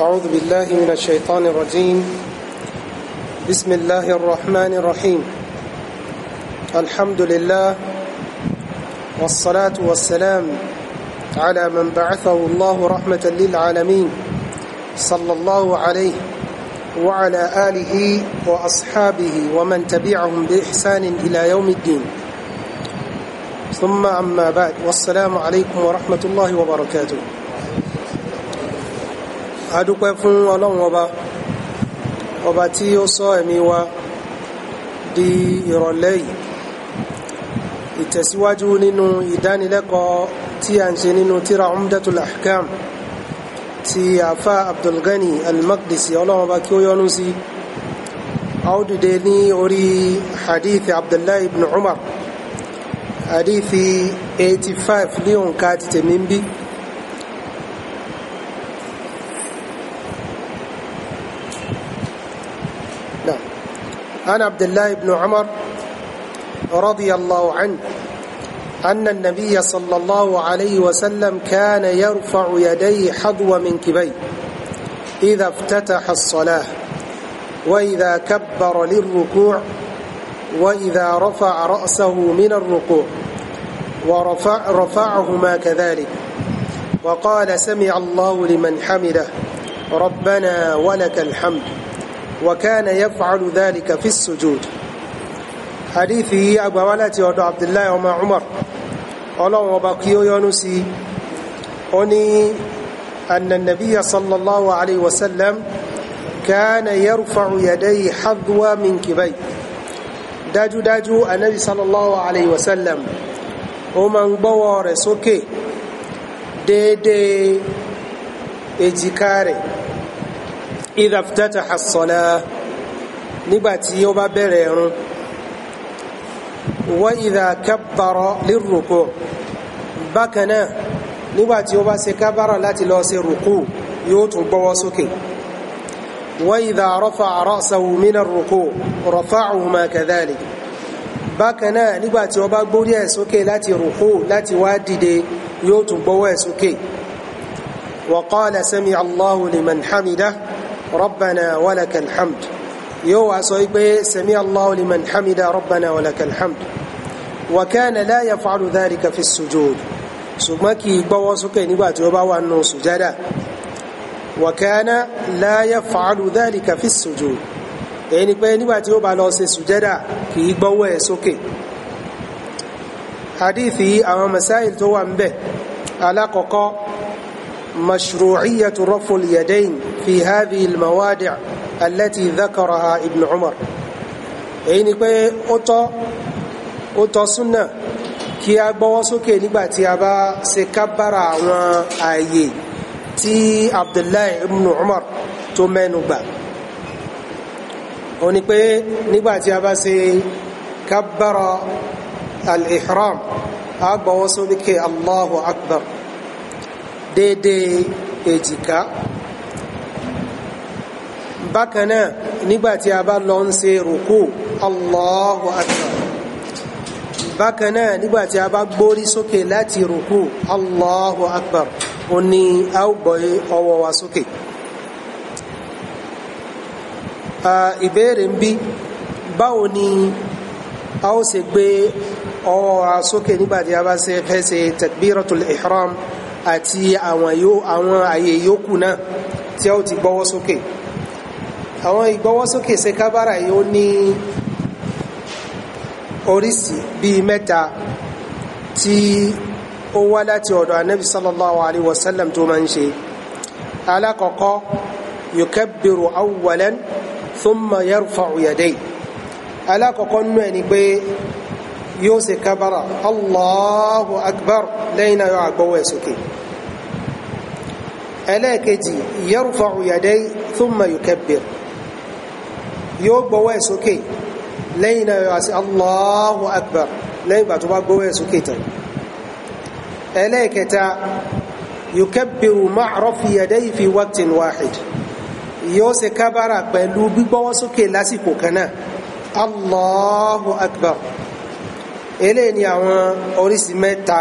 أعوذ بالله من الشيطان الرجيم بسم الله الرحمن الرحيم الحمد لله والصلاة والسلام على من بعثه الله رحمة للعالمين صلى الله عليه وعلى آله وأصحابه ومن تبعهم بإحسان إلى يوم الدين ثم أما بعد والسلام عليكم ورحمة الله وبركاته adúpẹ́ fún ọlọ́run ọba ọba tí ó sọ ẹ̀mí wa di ìrọ̀lẹ́ yìí ìtẹ̀síwájú nínú ìdánilẹ́kọ̀ọ́ tí a ń ṣe nínú tíra umdatul ahkam ti àfá abdulgani al-maqdisi ọlọ́run ọba kí ó yọ́nú sí a ní orí hadith abdullahi ibn umar hadithi 85 ní òǹkà ti tèmi ń bí عن عبد الله بن عمر رضي الله عنه أن النبي صلى الله عليه وسلم كان يرفع يديه حضو منكبيه إذا افتتح الصلاة وإذا كبر للركوع وإذا رفع رأسه من الركوع ورفع رفعهما كذلك وقال سمع الله لمن حمده ربنا ولك الحمد وكان يفعل ذلك في السجود حديثه أبوالة عبد الله وما عمر ọlọ́run ọba kí ó yọ́nú sí ó ní annannabiya sallallahu alaihi wasallam kana yarfa'u yadayhi hadwa min kibai dájúdájú annabi sallallahu alaihi wasallam ó ma ń gbọ́wọ́ rẹ̀ sókè déédéé èjìká rẹ̀ idha iftataha as-salah nígbàtí ó bá bẹ̀rẹ̀ ẹ̀rùn wa idha kabbara lirruku' bákan náà nígbàtí ó bá ṣe kábàrà láti lọ ṣe rùkú yóò tún gbọ́wọ́ sókè wa idha rafa'a ra'sahu min ar-ruku' rafa'ahuma kadhalik bákan nígbàtí ó bá gbórí ẹ̀ sókè láti rùkú láti wá dìde yóò tún gbọ́wọ́ ẹ̀ sókè wa qala sami'a Allahu liman ربنا ولك الحمد يو أصيب سمع الله لمن حمد ربنا ولك الحمد وكان لا يفعل ذلك في السجود سمكي بواسك نبات وبوان سجدا وكان لا يفعل ذلك في السجود يعني بي نبات وبالو سجدا كي بواسك حديثي أو مسائل توان به على قوقو مشروعية رفع اليدين في هذه الموادع التي ذكرها ابن عمر يعني بي أطا أطا سنة kí a gbọ́wọ́ sókè nígbà tí a bá ṣe kábàrà àwọn ààyè tí abdullahi ibn umar tó mẹ́nu gbà ó ní pé nígbà a bá ṣe kábàrà al-ihram a gbọ́wọ́ sókè allahu akbar déédéé èjìká bákan náà nígbàtí a bá lọ ń ṣe rùkú Allahu akbar bákan náà nígbàtí a bá gbórí sókè láti rùkú Allahu akbar ó ní a ó gbọ́ ọwọ́ wa sókè ìbéèrè ń bí báwo ni a ó ṣe gbé ọwọ́ wa sókè nígbàtí a bá ṣe fẹ́ ṣe takbiratul ihram. ihram àti àwọn àyè yòókù náà tí a ó ti gbọ́wọ́ sókè àwọn ìgbọ́wọ́ sókè ṣe kábàrà yìí ó ní oríṣi bíi mẹ́ta tí ó wá láti ọ̀dọ̀ anábì sallallahu alaihi wasallam tó máa ń ṣe alákọ̀ọ́kọ́ yukabbiru awwalan thumma yarfa'u yadayhi alákọ̀ọ́kọ́ nú ẹni pé yóò ṣe kábàrà allahu akbar lẹ́yìn náà yóò àgbọ́wọ́ ẹ̀ sókè ẹlẹ́ẹ̀kejì yarfa'u yadayhi thumma yukabbir yóò gbọ́wọ́ ẹ̀ sókè lẹ́yìn náà yóò ṣe allahu akbar lẹ́yìn bàtú bá gbọ́wọ́ ẹ̀ sókè tán ẹlẹ́ẹ̀kẹta yukabbiru ma'a rafi yadayhi waqtin wahid yóò ṣe kábàrà pẹ̀lú gbígbọ́wọ́ lásìkò kan allahu akbar eléyìí ni àwọn oríṣi mẹ́ta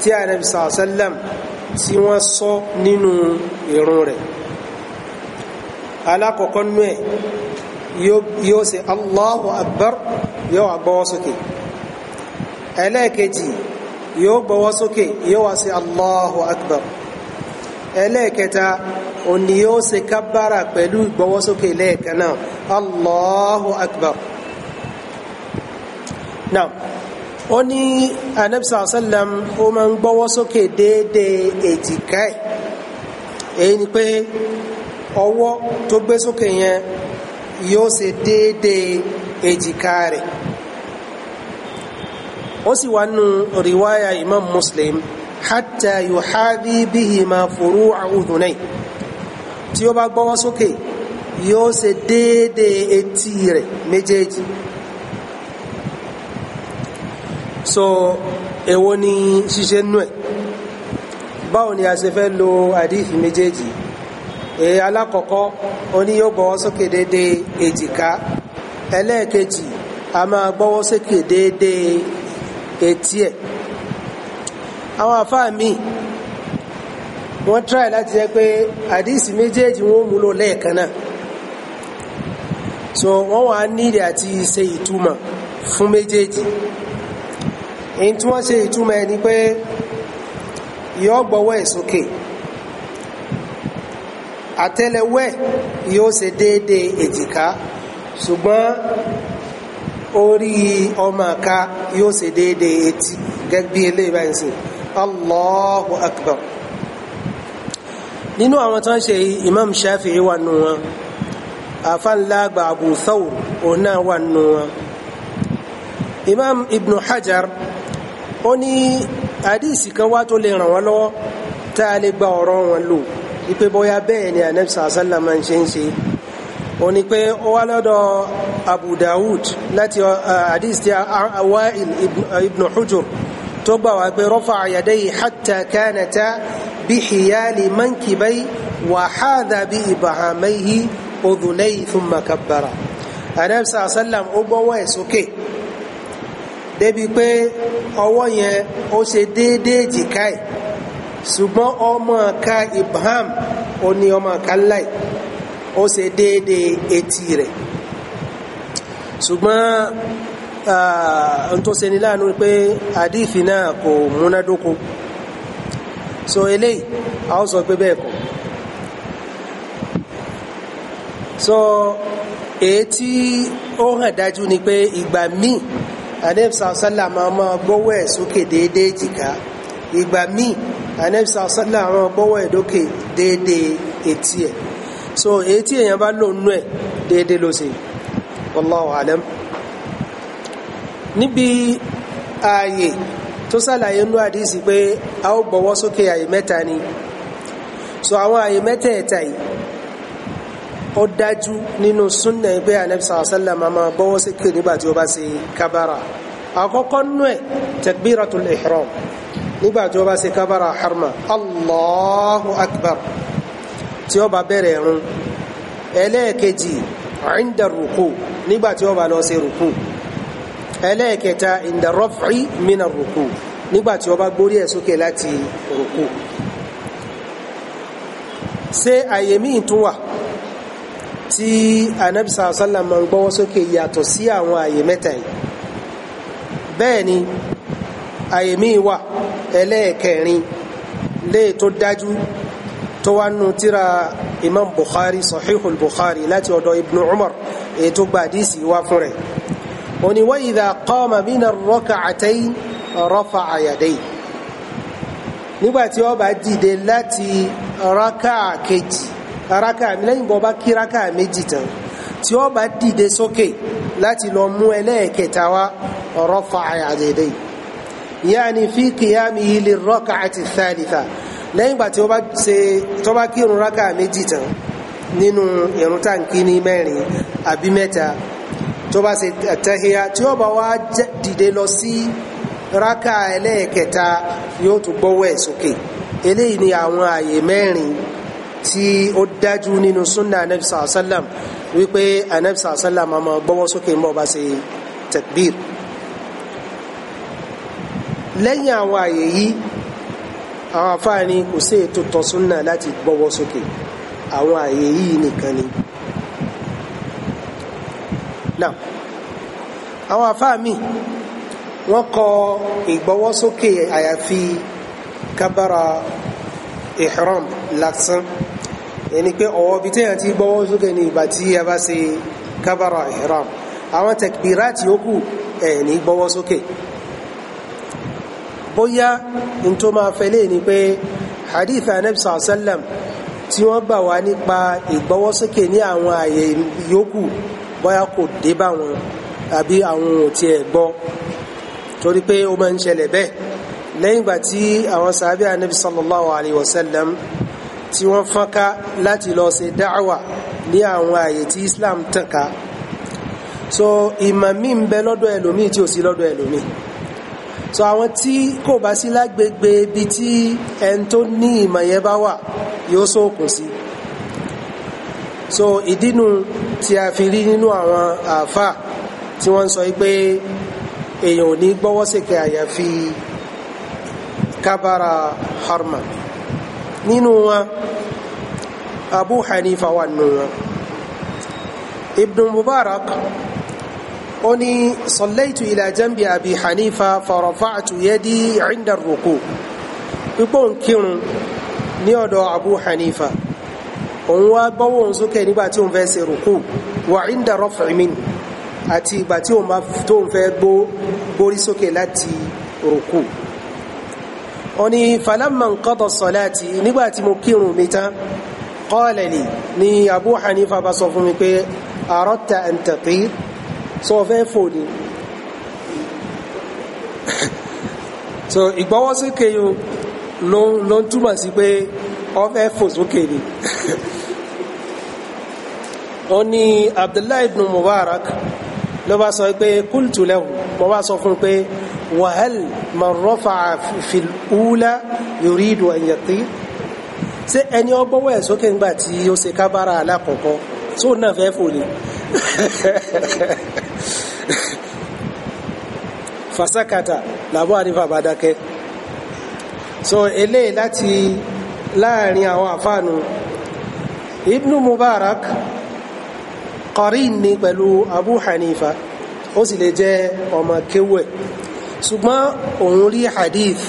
tí anabi sàlẹ́m tí wọ́n sọ nínú ìrun rẹ̀ alákọ̀ọ́kọ́ nú ẹ̀ yóò ṣe allahu akbar yóò wá gbọ́wọ́ sókè ẹlẹ́ẹ̀kejì yóò gbọ́wọ́ sókè yóò wá ṣe allahu akbar ẹlẹ́ẹ̀kẹta òní yóò ṣe kábára pẹ̀lú ìgbọ́wọ́ sókè lẹ́ẹ̀kan náà allahu akbar now ó ní anabisa sallam ó máa ń gbọ́wọ́ sókè déédéé èjìká ẹ̀ èyí ni pé ọwọ́ tó gbé sókè yẹn yóò ṣe déédéé èjìká rẹ̀ ó sì wá nù imam muslim hatta yuhadi ma furu'u udhunay tí ó bá gbọ́wọ́ sókè yóò ṣe déédéé etí rẹ̀ méjèèjì. so èwo ni ṣíṣe nú ẹ̀ báwo ni a ṣe fẹ́ lo àdífì méjèèjì èyí alákọ̀ọ́kọ́ oní yóò gbọ́wọ́ sókè dédé èjìká ẹlẹ́ẹ̀kejì a máa gbọ́wọ́ sókè dédé etí ẹ̀ àwọn àfáà míì wọ́n try láti jẹ́ pé àdísì méjèèjì wọ́n mú lò lẹ́ẹ̀kan náà so wọ́n wà nílẹ̀ àti se ituma fún méjèèjì èyí tí wọ́n ṣe ìtumọ̀ ẹni pé yóò gbọ́wọ́ ẹ̀ sókè àtẹ́lẹwẹ́ yóò ṣe déédéé èjìká ṣùgbọ́n orí ọmọ àká yóò ṣe déédéé etí gẹ́gẹ́ bí eléyìí báyìí sìn Allahu Akbar nínú àwọn tó ń ṣe Imam Shafi'i wà nù wọn àfànlágbà Abu Thawr òun náà wà nù wọn Imam Ibn Hajar ó ní àdíìsì kan wá tó lè ràn wọ́n lọ́wọ́ tá a lè gba ọ̀rọ̀ wọn lò wípé bóyá bẹ́ẹ̀ ni anabi sàásàlà máa ń ṣe ń ṣe ó ní pé ó wá lọ́dọ̀ abu dawud láti àdíìsì tí wa'il ibn hujur tó gbà wá pé rọ́fà àyàdẹ́yì hatta kánata bíhìyàlì mọ́nkìbẹ́yì wàhádà bí ìbàhàmẹ́yì odùnẹ́yì thumma kabbara anabi sàásàlà ó gbọ́wọ́ ẹ̀ sókè. Okay débi pé ọwọ́ yẹn ó ṣe déédéé jìká ẹ̀ ṣùgbọ́n ọmọ ọ̀ka Ibrahim ó ní ọmọ ọ̀ka láì ó ṣe déédéé etí rẹ̀ ṣùgbọ́n n tó láàánú pé àdífì kò múnádóko so eléyìí a ó sọ pé bẹ́ẹ̀ kọ́ so èyí tí ó hàn ni pé ìgbà míì anabi sàlá máa máa gbọ́wọ́ ẹ̀ sókè déédéé jìká ìgbà míì anabi sàlá máa gbọ́wọ́ ẹ̀ lókè déédéé etí ẹ̀ so èyí tí èèyàn bá lò nú ẹ̀ déédéé ló ṣe wallahu alam níbi ààyè tó sàlàyé nú àdísì pé a ó gbọ́wọ́ sókè ààyè mẹ́ta ni so àwọn ààyè mẹ́tẹ̀ẹ̀ta yìí ó dájú nínú súnnà pé anabi sàlọ́sálà máa máa bọ́wọ́ sókè nígbà tí ó bá ṣe kábàrà àkọ́kọ́ nú ẹ̀ takbiratul ihram nígbà tí ó bá ṣe kábàrà harma allahu akbar tí ó bá bẹ̀rẹ̀ ẹ̀rùn ẹlẹ́ẹ̀kejì inda ruku nígbà tí ó bá lọ ṣe ruku ẹlẹ́ẹ̀kẹta inda raf'i mina ruku nígbà tí ó bá gbórí ẹ̀ sókè láti ruku ṣé àyèmí tún wà tí anabi sàlọ́sàlà máa ń gbọ́wọ́ sókè yàtọ̀ sí àwọn àyè mẹ́ta yìí bẹ́ẹ̀ ni àyè míì wà ẹlẹ́ẹ̀kẹrin léè tó dájú tó wá nù tíra imam bukhari sahihul bukhari láti ọ̀dọ̀ ibnu umar èyí tó gba àdísì wá fún rẹ̀ ó ní wa idha qama mina rak'atayn rafa'a yadayhi nígbàtí ó dìde láti rákà kejì raka lẹ́yìn bọ́ bá kí raka méjì tán tí ó bá dìde sókè láti lọ mú ẹlẹ́ẹ̀kẹta wá rafa'a yadayhi ya'ni fi qiyamihi lirraka'ati thalitha lẹ́yìn ìgbà tí ó bá ṣe tó bá kírun raka méjì tán nínú ìrun táǹkì ní mẹ́rin àbí mẹ́ta tó bá ṣe àtẹ́híyá tí ó bá wá dìde lọ sí raka ẹlẹ́ẹ̀kẹta yóò tún gbọ́wọ́ ẹ̀ sókè eléyìí ni àwọn àyè mẹ́rin tí ó dájú nínú súnà anabi sàlám wípé anabi sàlám àmọ́ gbọ́wọ́ sókè ń bọ̀ bá ṣe takbir lẹ́yìn àwọn àyè yìí àwọn afáàní kò sí ètò tọ́ súnà láti gbọ́wọ́ sókè àwọn àyè yìí nìkan ni náà àwọn afáàmì wọ́n kọ ìgbọ́wọ́sókè àyàfi kábàrà ihram lásán ẹni pé ọwọ́ bí tẹ́yàn ti gbọ́wọ́ sókè ní ìgbà tí a bá ṣe kábàrà ihram àwọn tẹ̀kbìráàtì yòókù ẹ̀ ní gbọ́wọ́ sókè bóyá n tó máa fẹ́lẹ́ ni pé hadith anabi sallam tí wọ́n gbà wá nípa ìgbọ́wọ́ sókè ní àwọn àyè yòókù bóyá kò dé bá wọn àbí àwọn ò tiẹ̀ gbọ́ torí pé ó máa ń ṣẹlẹ̀ bẹ́ẹ̀ lẹ́yìn ìgbà tí àwọn sàábẹ́ anabi sallallahu alayhi wa tí wọ́n fọ́nká láti lọ ṣe dáwà ní àwọn àyè tí Islam tànká so ìmọ̀ mi ń bẹ lọ́dọ̀ ẹlòmíì tí ò sí lọ́dọ̀ ẹlòmíì so àwọn tí kò bá sí lágbègbè ibi tí ẹni tó ní ìmọ̀ yẹn bá wà yóò ṣókùn sí so ìdínú tí a fi rí nínú àwọn àáfàá tí wọ́n ń sọ pé èèyàn ò ní gbọ́wọ́ àyàfi kábàrà harman nínú wọn abu hanifa wà nínú wọn ibn mubarak ó ní sọlẹ́tù ila jambi abi hanifa farafa'tu yadi inda ruku pípọ̀ ń kírun ní ọ̀dọ̀ abu hanifa òun wá gbọ́wọ́ òun sókè nígbà tí òun fẹ́ ṣe rùkú wà inda raf'i àti ìgbà tí òun fẹ́ gbórí sókè láti rùkú ó ní falamma nqada salati nígbà tí mo kírun mi tán qala li ni Abu Hanifa bá sọ fún mi pé aradta an tatir sọ fẹ́ fò ni so ìgbọ́wọ́sókè yìí ló ń túmọ̀ sí pé ó fẹ́ fò sókè ni ó ní Abdullahi ibn Mubarak ló bá sọ pé qultu lahu mo bá sọ fún pé. وهل من رفع في الأولى يريد أن يطير ṣé ẹni ọgbọ́wọ́ ẹ̀ sókè ńgbà tí ó ṣe kábára alákọ̀ọ́kọ́ tó náà fẹ́ fò ní fasakata làbọ́ àrífà bá dákẹ́ so eléyìí láti láàrin àwọn àfáànù ibnu mubarak qarin ni pẹ̀lú abu hanifa ó sì lè jẹ́ ọmọ kéwẹ̀ ṣùgbọ́n òun rí hadith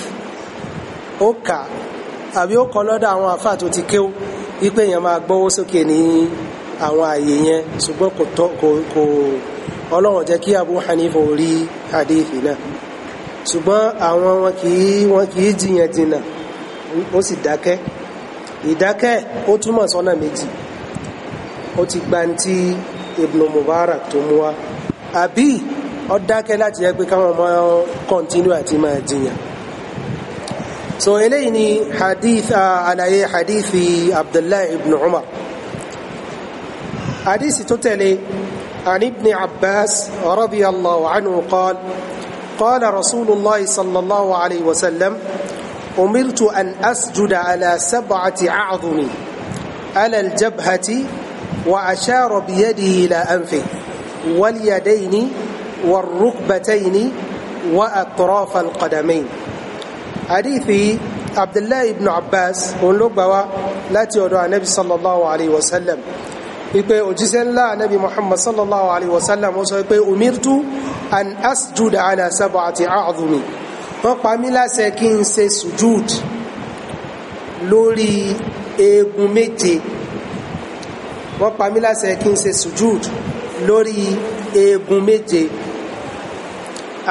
ó kà àbí ó kọ́ lọ́dọ̀ àwọn àfáà tó ti kéw wípé èèyàn máa gbọ́wọ́ sókè ní àwọn àyè yẹn ṣùgbọ́n kò tọ́ kò kò ọlọ́run jẹ́ kí Abu Hanifa rí hadith náà ṣùgbọ́n àwọn wọn kì wọn kì jiyàn jìnnà ó sì dákẹ́ ìdákẹ́ ó túmọ̀ sọ́nà méjì ó ti gba ní Mubarak tó mú wa àbí ó dákẹ́ láti jẹ́ pé káwọn ọmọ kọ́ntínú àti máa jiyàn so eléyìí ni hadith àlàyé hadithi abdullahi ibn umar hadith tó tẹ̀lé عن ابن عباس رضي الله عنه قال قال رسول الله صلى الله عليه وسلم أمرت أن أسجد على سبعة أعظم على الجبهة وأشار بيده إلى أنفه واليدين والركبتين وأطراف القدمين حديث عبد الله بن عباس ونلقى لا تيودع النبي صلى الله عليه وسلم ipe òjíṣẹ́ ńlá anabi muhammad sallallahu alaihi wasallam ó sọ pé umirtu an asjud ala sab'ati a'dhumi wọ́n pa mí láṣẹ kí n ṣe sujud lórí eegun méje wọ́n pa mí láṣẹ kí n ṣe sujud lórí eegun méje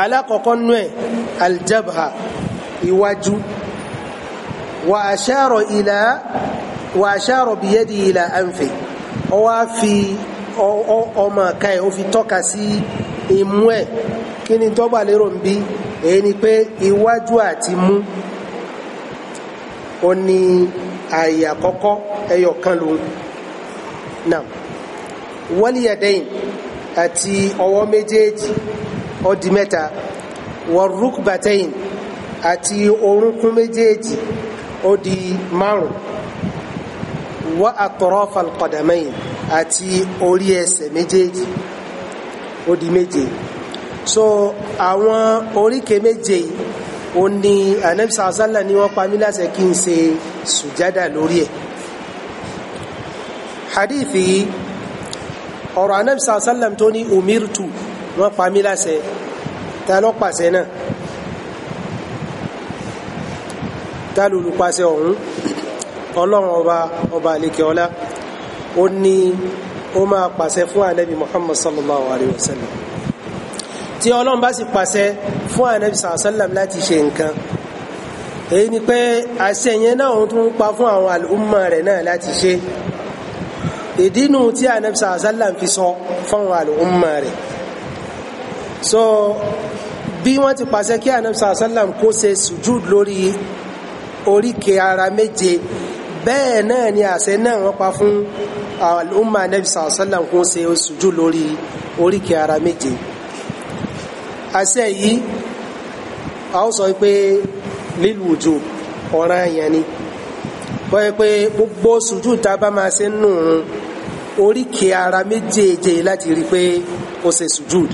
alákọ̀ọ́kọ́ nú ẹ̀ aljabha iwájú wa ashara ila wa ashara biyadi ila anfi ó wá fi ọmọ ká ẹ̀ ó fi tọ́ka sí imú ẹ̀ kí ni tọ́gbà lérò ń bí èyí ni pé iwájú àti mú ó ní àyè àkọ́kọ́ ẹyọ kan lòun náà wọ́líyàdẹ́yìn àti ọwọ́ méjèèjì ó di mẹ́ta warukbatayin àti orúnkún méjèèjì ó di márùn wa atrafal qadamayn àti orí ẹsẹ̀ méjèèjì ó méje so àwọn oríkè méje ó ní anabisa asálà ni wọ́n pa mí láṣẹ kí n ṣe sùjádà lórí ẹ̀ hadithi ọ̀rọ̀ anabisa asálà tó ní umirtu wọ́n pa mí láṣẹ ta ló pàṣẹ náà ta lolùpàṣẹ ọ̀hún ọlọ́run ọba ọba àlekè ọlá ó ní ó máa pàṣẹ fún anabi muhammad sallallahu alayhi wa sallam tí ọlọ́run bá sì pàṣẹ fún anabi sallallahu láti ṣe nǹkan èyí ni pé àṣẹ yẹn náà òun tún pa fún àwọn àlùmọ rẹ̀ náà láti ṣe ìdí nu tí anabi sallallahu fi sọ fún àwọn àlùmọ rẹ̀ so bí wọ́n ti pàṣẹ kí anamsa sallam kó ṣe sujud lórí oríkè ara méje bẹ́ẹ̀ náà ni àṣẹ náà wọ́n pa fún al'umma anabi sallam kó ṣe sujud lórí oríkè ara méje àṣẹ yìí a ó sọ pé lílùjù ọ̀ràn yẹn ni wọ́n yẹ pé gbogbo sujud tá a bá máa ṣe nù oríkè ara méjèèje láti rí i pé ó ṣe sujud.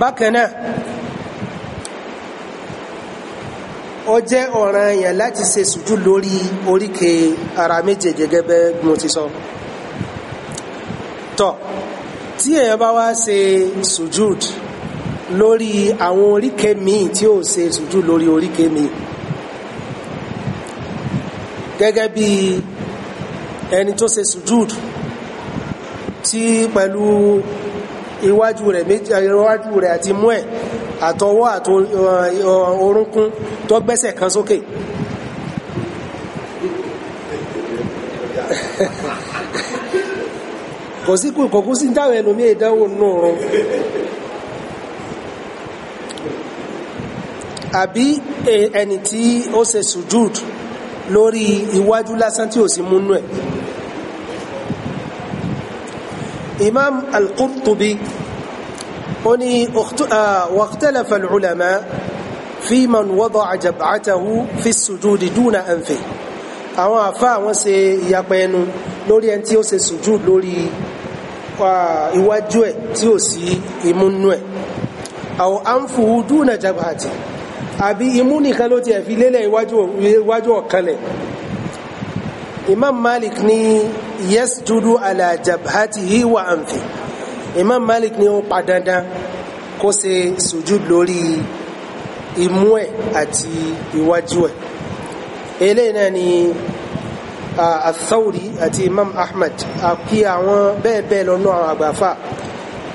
bákan náà ó jẹ́ ọ̀ràn yẹn láti ṣe sùjú lórí oríkè ara méje gẹ́gẹ́ bẹ́ẹ̀ mo ti sọ tọ́ tí èèyàn bá wá ṣe sùjúd lórí àwọn oríkè míì tí ó ṣe sùjúd lórí oríkè míì gẹ́gẹ́ bí ẹni tó ṣe sùjúd tí pẹ̀lú iwájú rẹ̀ méjì iwájú rẹ̀ àti mú ẹ̀ àtọwọ́ àti uh, uh, orúnkún tó gbẹ́sẹ̀ kan sókè kò sí kòkó sí dáwọn ẹlòmí ìdánwò náà rún àbí ẹni tí ó ṣe sùjúd lórí iwájú lásán tí ò sí múnú ẹ̀ imam al-qurtubi ó ní واختلف العلماء في من وضع جبعته في السجود دون أنفه àwọn àfá àwọn ṣe ìyapẹ̀ ẹnu lórí ẹni tí ó ṣe sùjúd lórí ah, iwájú ẹ̀ tí ó sí ìmúnú ẹ̀ àwọn anfuhu dúnà jabhati àbí imú nìkan ló ti ẹ̀fi lélẹ̀ iwájú ọ̀kanlẹ̀ Imam Malik ní yẹ́sùdúdú alàjàbátìhí wà àǹfì Imam Malik ni ó pa dandan kó ṣe sujud lórí imú ẹ̀ àti iwájú ẹ̀ eléyìí náà ni athawri àti Imam Ahmad àti àwọn bẹ́ẹ̀ bẹ́ẹ̀ lọ́nà àwọn àgbàfà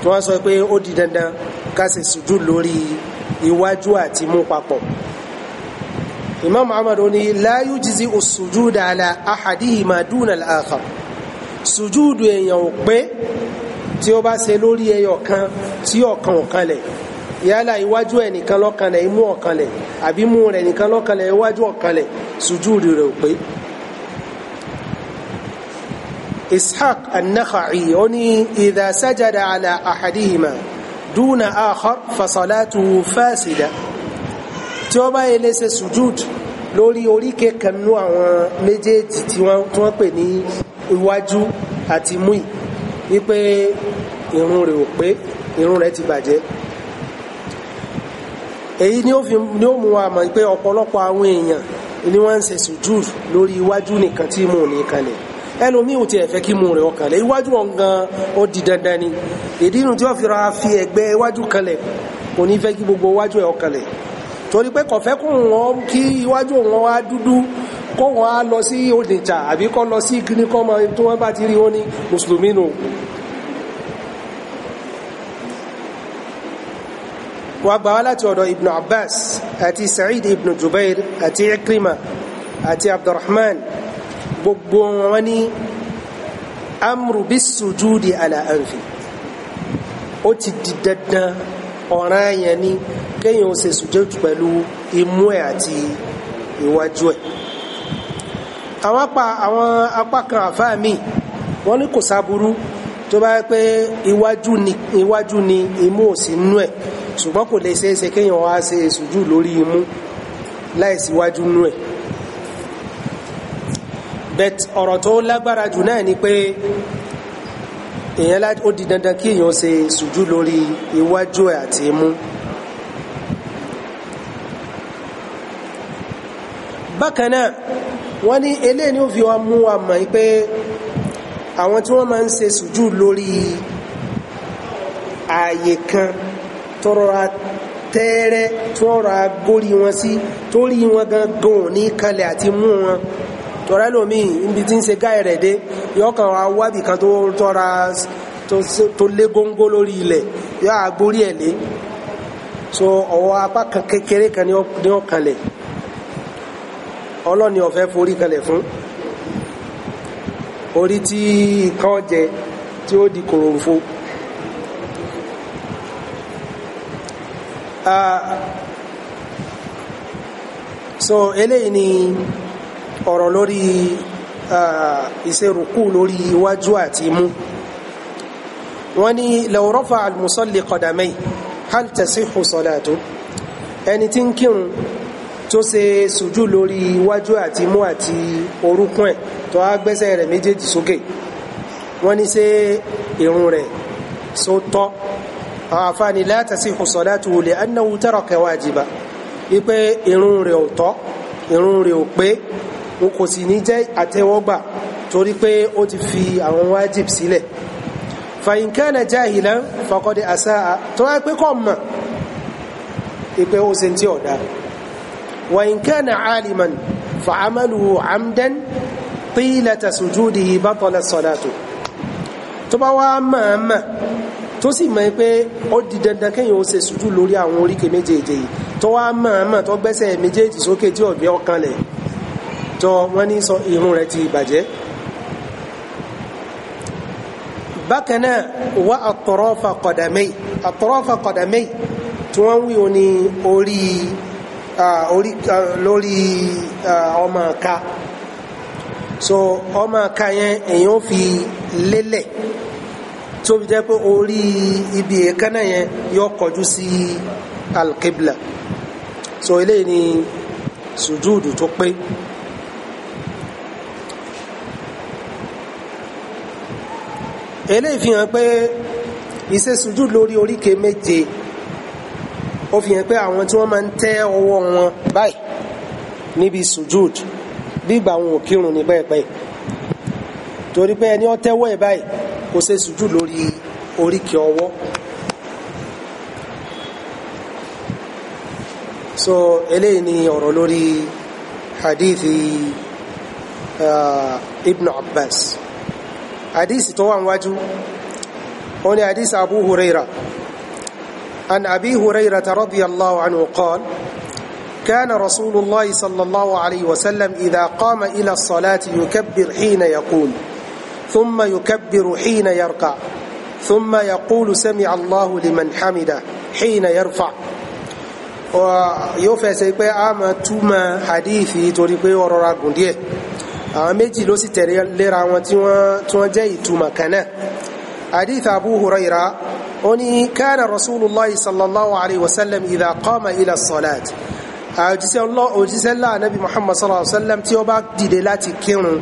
tí wọ́n sọ pé ó di dandan ká ṣe sujud lórí iwájú àti imú papọ̀ Imam Ahmad ó ní la yujizi as-sujud ala ahadihima duna sùjúùdù èèyàn ò pé tí ó bá ṣe lórí ẹyọ kan tí ọ̀kan ọ̀kan lẹ̀ yálà iwájú ẹnìkan lọ́kan lẹ̀ imú ọ̀kan lẹ̀ àbí mú rẹ̀ nìkan lọ́kan lẹ̀ iwájú ọ̀kan lẹ̀ sùjúùdù rẹ̀ ò pé. ishaq an-nakha'i ó ní idha sajada ala ahadihima duna akhar fasalatuhu fasida tí ó bá yẹ lè lórí oríkèé kan àwọn méjèèjì tí wọ́n pè ní iwájú àti mú wípé irun rẹ̀ ò pé irun rẹ̀ ti bàjẹ́ èyí ni ó fi ni ó mú wa mọ̀ pé ọ̀pọ̀lọpọ̀ àwọn èèyàn ni wọ́n ń ṣe sùjúd lórí iwájú nìkan tí mú nìkan lẹ̀ ẹlòmíì ò tiẹ̀ fẹ́ kí mú rẹ̀ ọkàn lẹ̀ iwájú wọn gan ó di dandan ni ìdí inú tí wọ́n fi ra fi ẹ̀gbẹ́ iwájú kan lẹ̀ kò ní fẹ́ kí gbogbo iwájú ẹ̀ ọkàn lẹ̀ torí pé kọ̀fẹ́ kún wọn kí iwájú wọn wá dúdú kọ́ wọn á lọ sí Onitsha àbí kọ́ lọ sí kíní kọ́ mọ tí wọ́n bá ti rí wọn ní mùsùlùmí nù. wọ́n gbà wá láti ọ̀dọ̀ Ibn Abbas àti Sa'id Ibn Jubair àti Ikrima àti Abdurrahman gbogbo wọn ní amru bis sujudi ó ti di dandan ọ̀ràn yẹn kéèyàn ó ṣe sùjúdù pẹ̀lú imú ẹ̀ àti iwájú ẹ̀ àwọn apá àwọn apa kan àfáà mi wọ́n ní kò sáburú tó bá pé iwájú ni iwájú ni imú ò sí nú ẹ̀ ṣùgbọ́n kò lè ṣeéṣe kéèyàn wá ṣe sùjú lórí imú láìsí nú ẹ̀ bet ọ̀rọ̀ tó lágbára jù náà ni pé èèyàn ó di dandan kí èèyàn ṣe sùjú lórí iwájú ẹ̀ àti imú bákan náà wọ́n ní ni ó fi mú wa mọ̀ pé àwọn tí wọ́n máa ń ṣe sùjú lórí ààyè kan tọrọra tẹ́ẹ́rẹ́ górí wọn sí torí wọn gan gòun ní kalẹ̀ àti mú wọn tọ́rẹ́ lómi níbi tí ń se gáì rẹ̀ dé yọkàn wa wábì kan tó tó lé góńgó lórí ilẹ̀ yọ àgbórí ẹ̀ lé so ọwọ́ apá ọlọ́ni ọ̀fẹ́ forí kalẹ̀ fún orí tí nǹkan jẹ tí ó di kòròǹfo so eléyìí ni ọ̀rọ̀ lórí ìṣerùkú lórí iwájú àti imú wọ́n ní law rafa'a al-musalli qadamay hal tasihhu salatu ẹni tí ń kírun tó ṣe sùjú lórí iwájú àti imú àti orúnkún ẹ̀ tó á gbẹ́sẹ̀ rẹ̀ méjèèjì sókè wọ́n ní ṣe irun rẹ̀ só tọ́ àwọn àfáàní látàsí ìkùsọ̀látù lè annáwó taraka wajiba wípé irun rẹ̀ ò tọ́ irun rẹ̀ ò pé n kò sì ní jẹ́ àtẹ́wọ́gbà torí pé ó ti fi àwọn wájib sílẹ̀ fàyín kana jahilan faqad asaa tó wá pé kọ́ mọ̀ ìpé ó ṣe tí ọ̀dà وإن كان عالما فعمله عمدا طيلة سجوده بطل الصلاة. تبا وما أما tó sì mọ̀ pé ó di dandan kéèyàn ó ṣe sùjú lórí àwọn oríkè méjèèjì yìí tó wá mọ̀ọ́mọ̀ tó gbẹ́sẹ̀ méjèèjì sókè tí ọ̀gbẹ́ ọkàn tó wọ́n ní sọ irun rẹ̀ ti bàjẹ́. bákan wá àtọ̀rọ̀fà kọ̀dàmẹ́yì àtọ̀rọ̀fà kọ̀dàmẹ́yì tí wọ́n wí o ní orí lórí ọmọ ọ̀ka so ọmọ ọ̀ka yẹn èyàn fi lélẹ̀ tó fi jẹ́ pé orí ibi èékánná yẹn yọ kọjú sí alqibla so eléyìí ni sùjúùdù tó pé. eléyìí fi hàn pé ìṣe sùjúùdù lórí oríkèé méje ó fi hàn pé àwọn tí wọ́n máa ń tẹ́ ọwọ́ wọn báyìí níbi sujud bí ìgbà wọn ò kírun ní pẹ́ẹ́pẹ́ẹ́ torí pé ẹni ó tẹ́wọ́ ẹ̀ báyìí kò ṣe sujud lórí oríkèé ọwọ́ so eléyìí ni ọ̀rọ̀ lórí hadithi uh, ibn abbas hadithi tó wà níwájú ó ní hadithi abu huraira عن أبي هريرة رضي الله عنه قال كان رسول الله صلى الله عليه وسلم إذا قام إلى الصلاة يكبر حين يقول ثم يكبر حين يركع ثم يقول سمع الله لمن حمده حين يرفع yóò fẹsẹ̀ pé a máa túmọ̀ hadithi torí pé ọ̀rọ̀ ra gùn díẹ̀ àwọn méjì ló حديث أبو هريرة أني كان رسول الله صلى الله عليه وسلم إذا قام إلى الصلاة أجزي الله أجزي الله نبي محمد صلى الله عليه وسلم تيوبا ديلاتي كن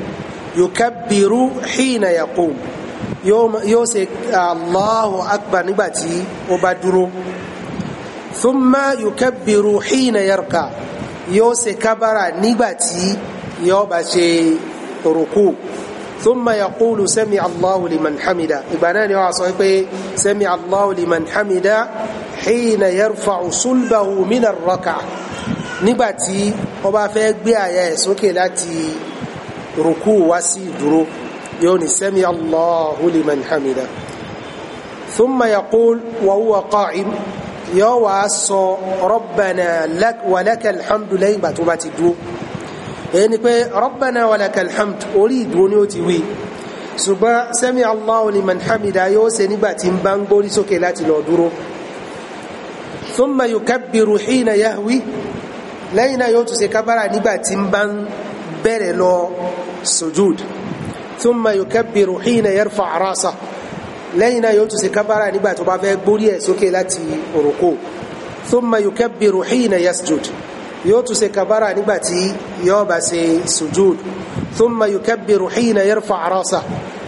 يكبر حين يقوم يوم يوسك الله أكبر نباتي وبدرو ثم يكبر حين يركع يوسك كبر نباتي يوبا شي ركوع thumma yaqulu sami allahu liman hamida ìgbà náà ni wọ́n sọ pé sami allahu liman hamida hina yarfa'u sulbahu min ar-raka nígbà tí ó bá fẹ́ gbé àyà ẹ̀ sókè láti rukú wá sí ìdúró yóò ní sami allahu liman hamida thumma yaqul wa huwa qa'im yóò wá sọ rabbana lak wa lakal hamdu lẹ́yìn ìgbà tó èyí ni pé rabbana walakal hamd orí ìdúró ni ó ti wí ṣùgbọ́n sami Allahu liman hamida yóò ṣe nígbà tí ń bá ń gbórí sókè láti lọ dúró thumma yukabbiru hina yahwi lẹ́yìn náà yóò tún ṣe kábàrà nígbà ń bá ń bẹ̀rẹ̀ lọ sujud thumma yukabbiru hina yarfa rasa lẹ́yìn náà yóò tún ṣe kábàrà nígbà tó bá fẹ́ gbórí ẹ̀ sókè láti òrùkó thumma yukabbiru hina yasjud yóò tún ṣe kabara nígbàtí yóò bá ṣe sujud thumma yukabbiru hina yarfa' ra'sa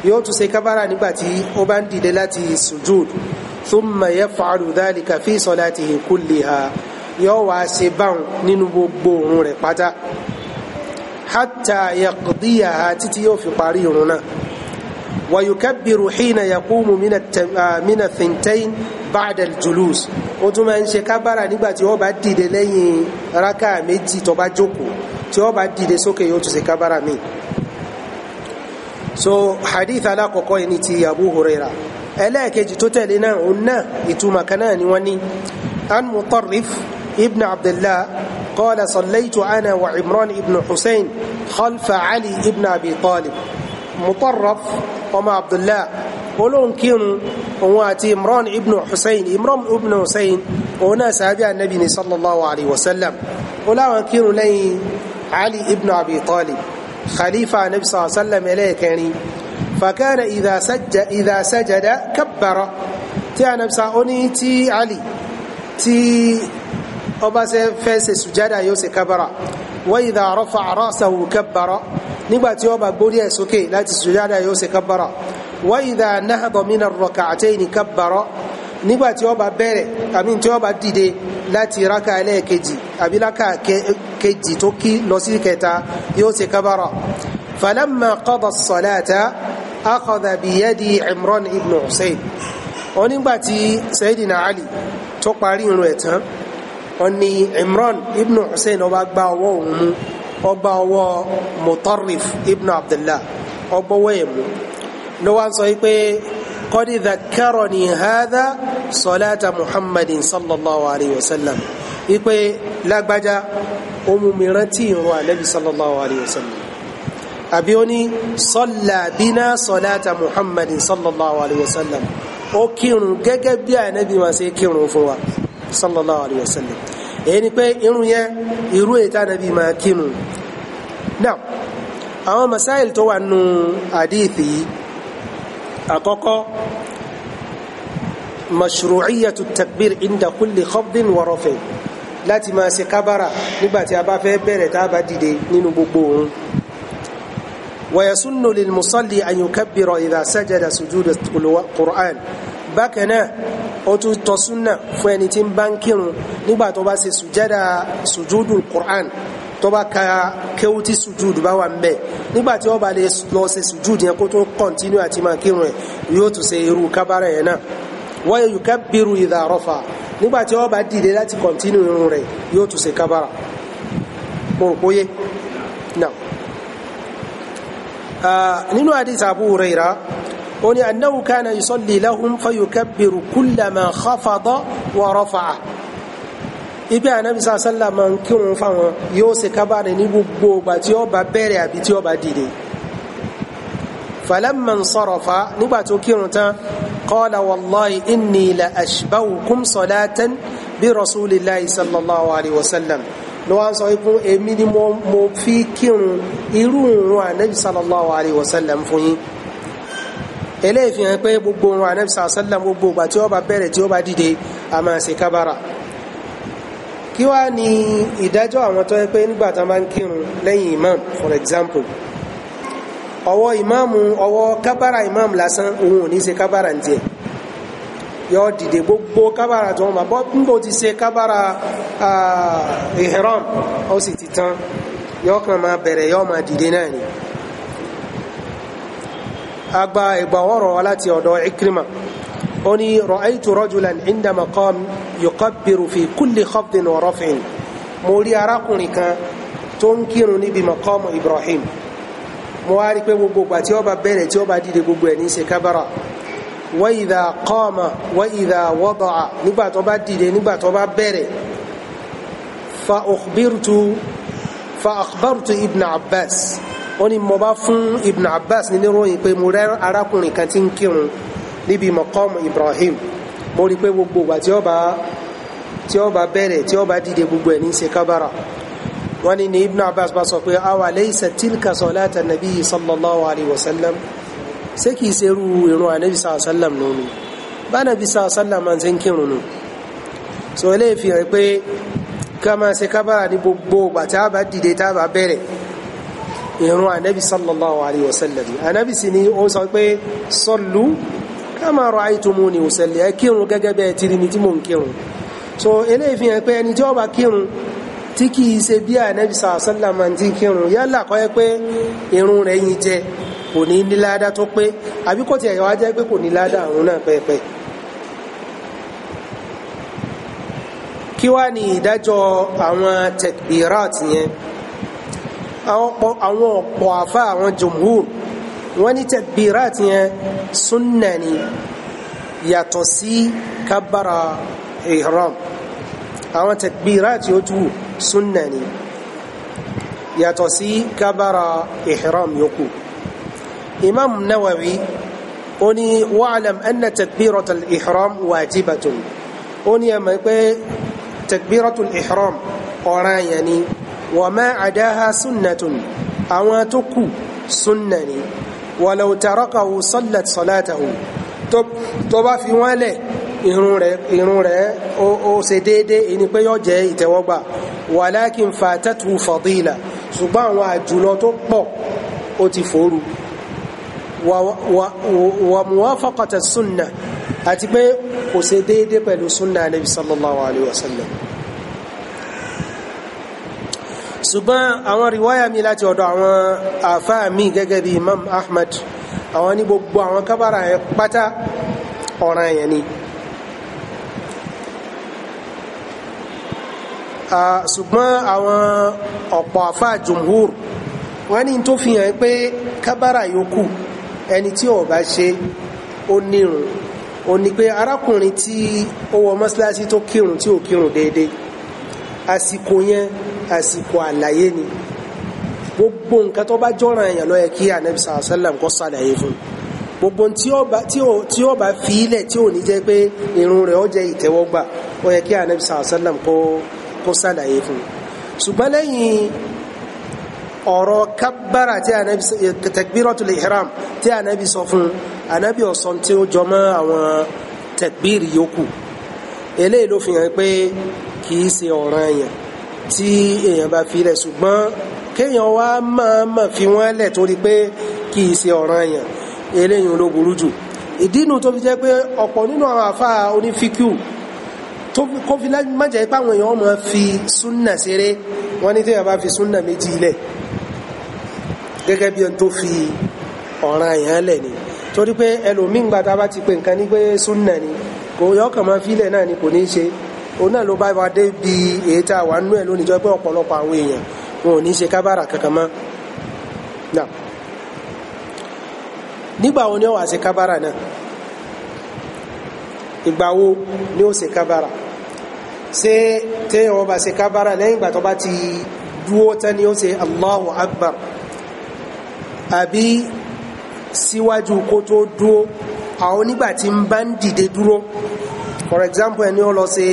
yóò tún ṣe kabara nígbàtí ó bá ń dìde láti sujud thumma yaf'alu dhalika fi salatihi kulliha yóò wá ṣe báwọn nínú gbogbo òun rẹ̀ pátá hatta yaqdiyaha títí yóò fi parí òun náà. ويكبر حين يقوم من من الثنتين بعد الجلوس ó tún máa ń ṣe kábàrà nígbà tí ó bá dìde lẹ́yìn rákà méjì tó bá jókòó tí ó bá dìde sókè yóò tún ṣe so hadith alákọ̀ọ́kọ́ yìí ni ti Abu Huraira ẹlẹ́ẹ̀kejì tó tẹ̀lé náà òun náà ìtumọ̀ kan náà ni wọ́n ní an Mutarrif ibn Abdullah قال صليت أنا وعمران ibn Hussein خلف علي ibn Abi Talib Mutarrif ọmọ abdullah olóhùn kírun òun àti imran ibn hussein imran ibn hussein òun náà sàábí anabi ni sallallahu alayhi wa sallam oláwọn kírun lẹ́yìn ali ibn abi talib khalifa anabi sallallahu alayhi wa sallam ẹlẹ́ẹ̀kẹrin فكان إذا سجد إذا سجد كبر tí a nàbisa ó ní tí Ali tí ó bá fẹ́ ṣe sùjádà yóò ṣe kábàrà nígbàtí ó bá gbórí ẹ̀ sókè láti sùjádà yóò ṣe kábàrà wa idha nahada mina rak'atayni kábàrà nígbàtí ó bá bẹ̀rẹ̀ àmì tí ó bá dìde láti rákà ẹlẹ́ẹ̀kejì àbí rákà kejì tó kí lọ sí kẹta yóò ṣe kábàrà falamma qada as-salata akhadha biyadi Imran ibn Husayn ó nígbàtí Sayyidina Ali tó parí irun ẹ̀ tán ó ní Imran ibn Husayn ó gba ọwọ́ òun mú ọgbà ọwọ́ Mutarrif ibn Abdullah ọgbà ọwọ́ èmú ló wá ń sọ wípé kọ́dí dhakarani hadha salata Muhammadin sallallahu alayhi wa sallam wípé lágbájá ó mú mi rántí ìrun ànábì sallallahu alayhi wa sallam àbí ó ní sọ́là bíná sọ́láta muhammadin sallallahu alaihi wasallam ó kírun gẹ́gẹ́ bí ànábì wa ṣe kírun fún wa sallallahu alaihi wasallam èyí ni pé irun yẹn irú ètà ànábì máa kírun now àwọn masáìl tó wà nù àdíìtì àkọ́kọ́ mashru'iyyatu takbir inda kulli khafdin wa rafi láti máa ṣe kábàrà nígbàtí a bá fẹ́ bẹ̀rẹ̀ tá bá dìde nínú gbogbo òun ويسن للمصلي أن يكبر إذا سجد سجود القرآن بكنا أتو تسنى فانتين بانكين نبات بس سجد سجود القرآن tó bá ka kéwú tí sùjúdù bá wà ń bẹ̀ nígbà tí ó bá lè lọ ṣe sùjúdù yẹn kó tó kọ́ntínú àti máa kírun ẹ̀ yóò tún ṣe irú kábàárà yẹn náà wa yukabbiru idha rafa nígbà tí ó bá dìde láti kọ́ntínú irun rẹ̀ yóò tún ṣe kábàárà mo rò uh, nínú àdìsí Abu Huraira ó ní annahu kana yusalli lahum fayukabbiru kullama khafada wa rafa'a ibi anabi sàlá máa ń kírun fáwọn yóò ṣe kábàárẹ ní gbogbo ìgbà tí ó bá bẹ̀rẹ̀ àbí tí ó bá dìde falamman sarafa nígbà tó kírun tán qala wallahi inni la ashbawukum salatan bí rasulillahi sallallahu alayhi wa sallam ló wá ń sọ pé èmi ni mo fi kírun irú ìrun anabi sallallahu alayhi wa sallam fún yín eléyìí fi hàn pé gbogbo ìrun anabi sallallahu alayhi wa sallam gbogbo ìgbà tí ó bá tí ó dìde a máa ṣe kábàárà. kí wá ní ìdájọ́ àwọn tó yẹ pé nígbà máa ń kírun lẹ́yìn imam for example ọwọ́ ìmáàmù ọwọ́ kábàrà imam lásán òun ò ní ṣe kábàrà ní tiẹ̀ yọ dìde gbogbo kábàrà tó wọn bá bọ́ níbo ti ṣe kábàrà ihram ó sì ti tán yọ kàn máa bẹ̀rẹ̀ yọ máa dìde náà ni agba ìgbà ọ̀rọ̀ láti ọ̀dọ̀ Ikrima أني رأيت رجلا عند مقام يكبر في كل خفض ورفع مولي أراكنك تنكرني بمقام إبراهيم مواري بي بوبو تي اوبا بيري تي اوبا ديدي بوبو اني سي كبرا واذا قام واذا وضع نيبا تو با ديدي نيبا تو با بيري فاخبرت فاخبرت ابن عباس oni mo ba fun ibn abbas ni ni royin pe mo re arakunrin kan tin kirun níbi mọ̀kọ́mù Ibrahim mo rí pé gbogbo ìgbà tí ó bá tí ó bá bẹ̀rẹ̀ tí ó bá dìde gbogbo ẹ̀ ní ṣe kábàrà wọ́n ní ní Ibn Abbas bá sọ pé awa laysa tilka salata nabi sallallahu alayhi wa sallam ṣé kìí ṣe irú irun anabi sallallahu alayhi wa sallam lónìí bá anabi sallallahu alayhi wa sallam ń ṣe kírun nù so eléyìí fi hàn pé ká máa ṣe kábàrà ní gbogbo ìgbà tá a dìde tá a bẹ̀rẹ̀ irun anabi sallallahu alayhi wa sallam anabi sì ni ó sọ pé sallu kama ra'aytumuni usalli ẹ kírun gẹ́gẹ́ bẹ́ẹ̀ ti rí tí mò ń kírun so eléyìí fi hàn pé ẹni tí ó bá kírun tí kì í ṣe bí ànábì sàásánlá máa ti kírun yálà kọ́ ẹ pé irun rẹ̀ yìí jẹ kò ní ní ládá tó pé àbí kò tiẹ̀ wá jẹ́ pé kò ní ládá àrùn náà pẹ́ẹ́pẹ́ kí wá ní ìdájọ́ àwọn tekbirat yẹn àwọn ọ̀pọ̀ àfa àwọn jumhur wọ́n ní takbirat yẹn súnnà ni yàtọ̀ sí kábàrà ihram àwọn takbirat yòókù súnnà ni yàtọ̀ sí kábàrà ihram yòókù imam nawawi ó ní wa'lam anna takbirat al-ihram wajibatun ó ní ẹ̀mọ̀ pé takbirat al-ihram ọ̀ranyàn ni wa ma adaha sunnatun àwọn tó kù súnnà ni walau tarakahu sallat salatahu tó bá fi wọ́n lẹ̀ irun rẹ̀ irun rẹ̀ ó ṣe déédé ẹni pé yóò jẹ́ ìtẹ́wọ́gbà walakin fatatu fadila ṣùgbọ́n àwọn àjùlọ tó pọ̀ ó ti fòrú wa muwafaqata sunna àti pé kò ṣe déédé pẹ̀lú sunna anabi sallallahu alayhi wa ṣùgbọ́n àwọn riwaya mi láti ọ̀dọ̀ àwọn àfáà mi gẹ́gẹ́ bí Imam Ahmad àwọn ní gbogbo àwọn kábàrà yẹn pátá ọ̀ràn yẹn ni ṣùgbọ́n àwọn ọ̀pọ̀ àfáà jumhur wọ́n ní tó fi hàn pé kábàrà yòókù ẹni tí ó bá ṣe ó nírun ó ní pé arákùnrin tí ó wọ mọ́sálásí tó kírun tí ò kírun déédéé àsìkò yẹn àsìkò àlàyé ni gbogbo nǹkan tó bá jọ́ràn èèyàn ló yẹ kí anabi sallallahu alayhi wa sallam kó ṣàlàyé fún gbogbo tí ó bá fi ilẹ̀ tí ò ní jẹ́ pé irun rẹ̀ ó jẹ́ ìtẹ́wọ́gbà ó yẹ kí anabi sallallahu alayhi wa sallam kó ṣàlàyé fún ṣùgbọ́n lẹ́yìn ọ̀rọ̀ kábàrà tí anabi takbiratul ihram tí anabi sọ fún anabi ọ̀sán tí ó jọmọ́ àwọn takbiri yòókù eléyìí ló fi hàn pé kì í ṣe ọ̀ranyàn tí èèyàn bá fi lẹ̀ ṣùgbọ́n kéèyàn wá máa máa fi wọ́n lẹ̀ torí pé kì í ṣe ọ̀ranyàn eléyìí ló burú jù ìdínú tó fi jẹ́ pé ọ̀pọ̀ nínú àwọn àfa onífíkù tó kó fi má jẹ́ pé àwọn èèyàn máa fi súnà ṣeré wọ́n ní téèyàn bá fi súnà méjì lẹ̀ gẹ́gẹ́ bí ẹni tó fi ọ̀ranyàn lẹ̀ ni torí pé ẹlòmíǹgbà tá a bá ti pè nǹkan ní pé súnà ni kò yọ ọkàn máa fi lẹ̀ náà ni kò ní ṣe òun náà ló bá wa dé bi èyí tá a wà nú ẹ̀ lónìí jọ pé ọ̀pọ̀lọpọ̀ àwọn èèyàn wọn ò ní ṣe kábàrà kankan mọ́ náà nígbà wo ni ó wá ṣe kábàrà náà ìgbà wo ni ó ṣe kábàrà ṣé téèyàn ó bá ṣe kábàrà lẹ́yìn ìgbà tó bá ti dúó tán ni ó ṣe Allahu Akbar àbí síwájú kó tó dúó àwọn onígbà tí ń bá ń dìde dúró for example ẹni ó lọ sí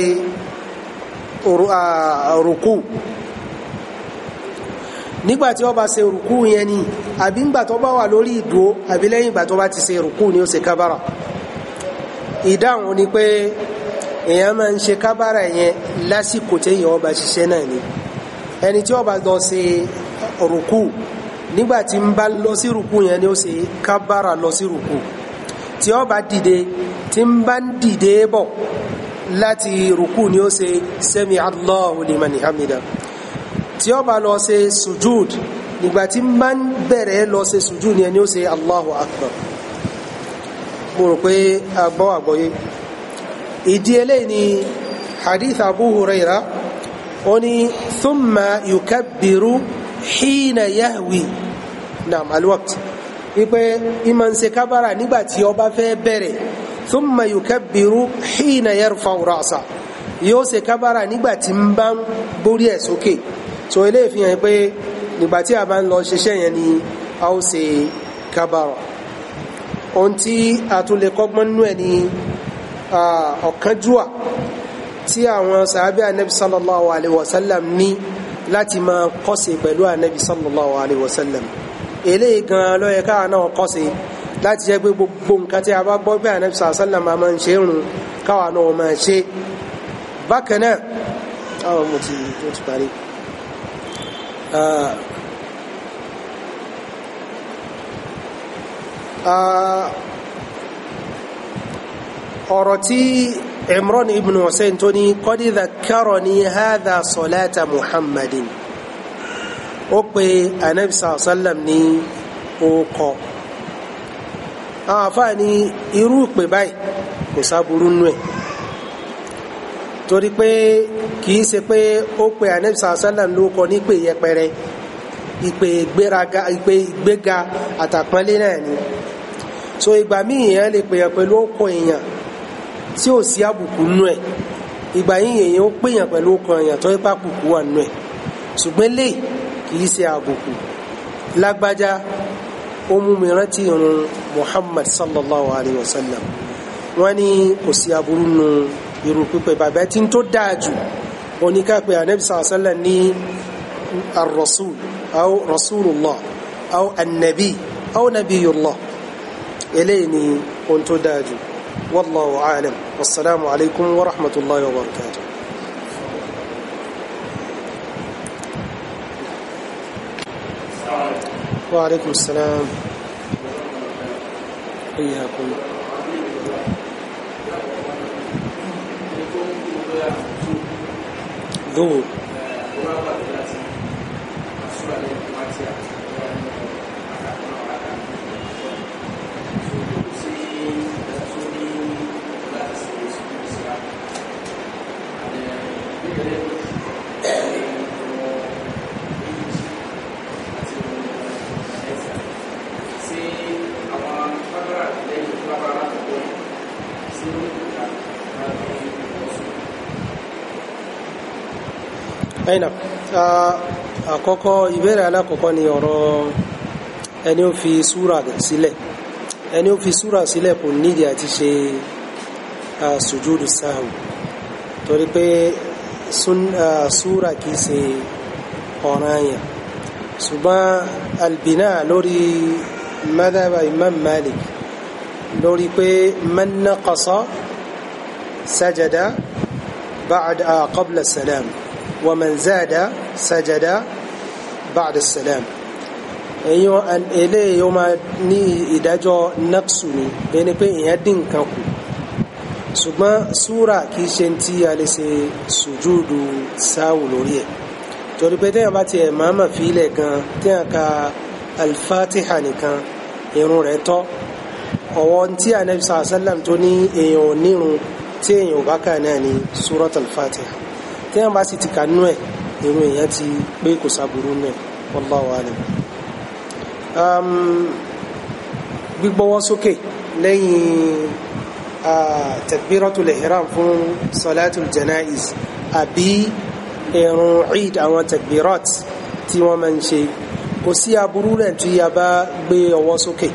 rùkú nígbàtí ó bá ṣe rùkú yẹn ni àbí ńgbà tó bá wà lórí ìdúró àbí lẹ́yìn ìgbà bá ti ṣe rùkú ni ó ṣe kábàrà ìdáhùn ni pé èèyàn máa ń ṣe kábàrà yẹn lásìkò téèyàn ó ṣiṣẹ́ náà ni ẹni tí ó bá lọ ṣe rùkú nígbàtí ń bá lọ sí rùkú yẹn ni ó ṣe kábàrà lọ sí rùkú tí ó bá dìde tí ń bá ń dìde bọ̀ láti rùkú ni ó ṣe sẹ́mi Allahu liman hamida tí ó bá lọ ṣe sujud nígbà tí ń bá ń bẹ̀rẹ̀ lọ ṣe sujud ni ẹni ó ṣe Allahu akbar mo rò pé agbọ́ àgbọ́yé ìdí eléyìí ni hadith Abu Huraira ó ní thumma yukabbiru hina yahwi naam alwaqt ipe ìmọ̀ ń ṣe kábàrà nígbà tí ó bá fẹ́ bẹ̀rẹ̀ thumma yukabbiru hina yarfa'u ra'sa yóò ṣe kábàrà nígbà tí ń bá ń borí ẹ̀ sókè so eléyìí fi hàn pé nígbà tí a bá ń lọ ṣiṣẹ́ yẹn ni a ó ṣe kábàrà ohun tí a tún lè kọ́gbọ́n nínú ẹ̀ ni ọ̀kánjúwà tí àwọn sàábẹ́ anabi sallallahu alayhi wa sallam ní láti máa kọ́ṣe pẹ̀lú anabi sallallahu alayhi wa sallam eléyìí gan ló yẹ káà náà kọ́ sí láti jẹ́ pé gbogbo nǹkan tí a bá gbọ́ bí ànábì sàásánlá máa máa ń ṣe rùn káwa náà máa ṣe bákan náà àwọn mo ti mo ti parí. Ah, ah, ọ̀rọ̀ tí Imran ibn Hussein tó ní qad dhakarani hadha salata Muhammadin ó pe anabi sàlám ní orúkọ àwọn àfáà ní irú ìpè báyìí kò sáburú nù ẹ̀ torí pé kìí ṣe pé ó pe anabi sàlám lórúkọ ní pè yẹpẹrẹ ìpè ìgbéraga ìgbéga àtàpọ́nlé náà ni so ìgbà míì èèyàn lè pèèyàn pẹ̀lú ọkọ̀ èèyàn tí ò sí àbùkù nú ẹ̀ ìgbà yìí èèyàn ó pèèyàn pẹ̀lú ọkọ̀ èèyàn tó ipá àbùkù wà nú ẹ̀ ṣùgbọ́n lè kìí ṣe àbùkù lágbájá ó mú mi rántí irun Muhammad sallallahu alayhi wa sallam wọ́n ní kò sí aburú nu irú pípẹ́ bàbá tí ń tó dáa jù oníkàpẹ́ anabi sallallahu alayhi wa sallam ní ar-rasul aw rasulullah aw annabi aw nabiyullah eléyìí ni ohun tó dáa jù wallahu alam wasalaamu alaykum wa rahmatulahi wa barakatu. وعليكم السلام حياكم ذو Thank you. Zainab àkọ́kọ́ ìbéèrè alákọ̀ọ́kọ́ ni ọ̀rọ̀ ẹni ó fi súra sílẹ̀ ẹni ó fi súra sílẹ̀ kò nídìí àti ṣe sùjúdù sáhù torí pé súra kìí ṣe ọ̀ranyàn ṣùgbọ́n albina lórí madhaba imam Malik lórí pé man naqasa sajada ba'da qabla salam. ومن زاد سجد بعد السلام èyàn eléyìí ó máa ní ìdájọ́ naqsu ni ẹni pé èyàn dín nǹkan kù ṣùgbọ́n súra kìí ṣe tí a lè ṣe sùjúdù sáwù lórí ẹ̀ torí pé téèyàn bá tiẹ̀ máàmà fílẹ̀ gan téèyàn ka alfatiha nìkan irun rẹ̀ tọ́ ọ̀wọ́ tí anabi sàlám tó ní èèyàn ò nírun tí èèyàn ò bá kà surat alfatiha tí wọ́n bá sì ti kà nú ẹ̀ irun èèyàn ti pé kò sábúrú nú ẹ̀ wallahu alim um, gbígbọ́wọ́ sókè lẹ́yìn takbiratul ihram fún salatul janaiz àbí irun eid àwọn takbirat tí wọ́n máa ń ṣe kò sí aburú rẹ̀ tí a bá gbé ọwọ́ sókè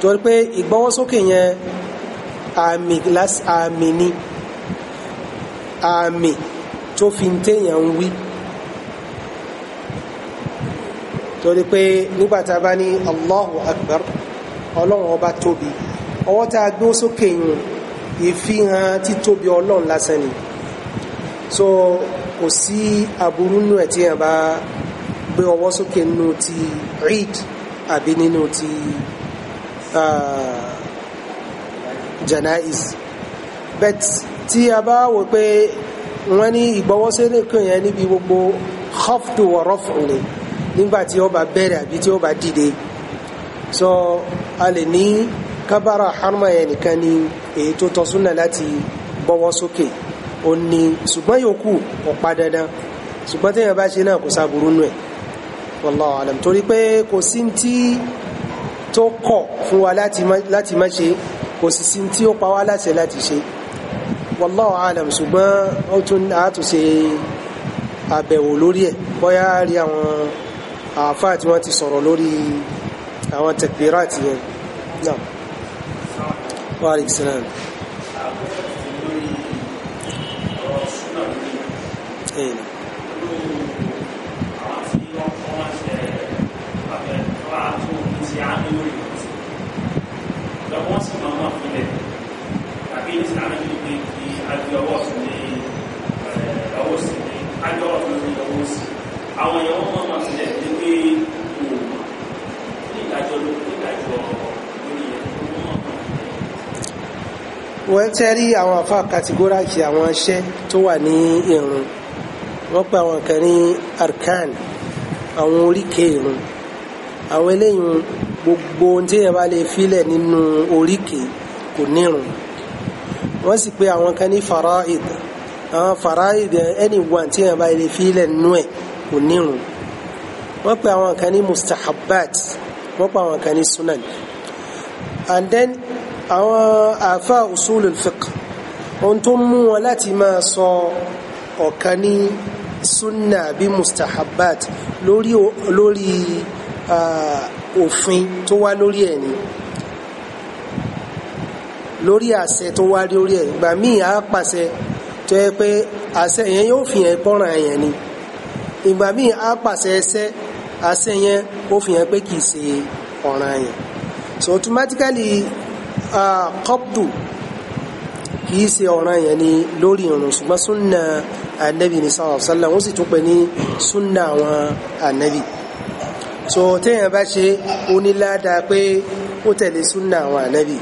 torí pé ìgbọ́wọ́ sókè yẹn àmì ni àmì tó fi ń téèyàn ń wí torí pé nígbàtà bá ní allahu akbar ọlọ́run ọba tóbi ọwọ́ tá a gbó sókè yun ìfihàn títóbi ọlọ́run lásán ni so kò sí aburú nù ẹ̀ tí bá gbé ọwọ́ sókè nínú ti eid àbí nínú ti janais bet tí a bá wò pé wọ́n ní ìgbọ́wọ́sẹ́lẹ̀ kan yẹn níbi gbogbo khafdu wa raf'u ni nígbà tí ó bá bẹ̀rẹ̀ àbí tí ó bá dìde so a lè ní kábàrà harma yẹn nìkan ni èyí tó tọ́ súnà láti bọ́wọ́ sókè ó ní ṣùgbọ́n yòókù ọ̀pá dandan ṣùgbọ́n téèyàn bá ṣe náà kò sáburú nù ẹ̀ wallahu alam torí pé kò sí tí tó kọ̀ fún wa láti má ṣe kò sì sí tí ó pa wá láṣẹ láti ṣe wallahu alam ṣùgbọ́n ó tún àtúnṣe àbẹ̀wò lórí ẹ̀ bóyá rí àwọn àáfàá tí wọ́n ti sọ̀rọ̀ lórí àwọn tẹ̀kpírààtì yẹn náà wa alaikum salam. Amen àdéhìí sáré níbi kí adé ọwọ́ sí ní eh, ọwọ́ sí ní tó ní ọwọ́ sí àwọn èèyàn wọn máa tilẹ̀ ní pé wò ó ní ìdájọ́ ló ní ìdájọ́ lórí ẹ̀ wọ́n tẹ́rí àwọn àfa kàtígóráàkì àwọn iṣẹ́ tó wà ní irun wọ́n pe àwọn kan ní arkan àwọn oríkèé irun àwọn eléyìí gbogbo ohun tí ẹ bá lè filẹ̀ nínú oríkèé kò nírun wọ́n sì pé àwọn kan ní faraid àwọn faraid ẹni wọn tí yẹn bá lè fi ilẹ̀ nú ẹ̀ kò nírun wọ́n pè àwọn kan ní mustahabbat wọ́n pè àwọn kan ní sunan and then àwọn àfa usulul fiqh ohun tó mú wọn láti máa sọ ọ̀kan ní sunna bí mustahabbat lórí ah, òfin tó wá lórí ẹ̀ ni lórí àṣẹ tó wá lórí ẹ̀ ìgbà míì á pàṣẹ tó yẹ pé àṣẹ yẹn yóò fi hàn pọ́nrán yẹn ni ìgbà míì á pàṣẹ ẹsẹ àṣẹ yẹn ó fi hàn pé kìí ṣe ọ̀ràn yẹn so automatically kọ́pdù kìí ṣe ọ̀ràn yẹn ni lórí irun ṣùgbọ́n súnà ànábì ní sallallahu alaihi wasallam wọ́n sì tún pè ní súnà àwọn ànábì so téèyàn bá ṣe ó ní ládàá pé ó tẹ̀lé súnà àwọn ànábì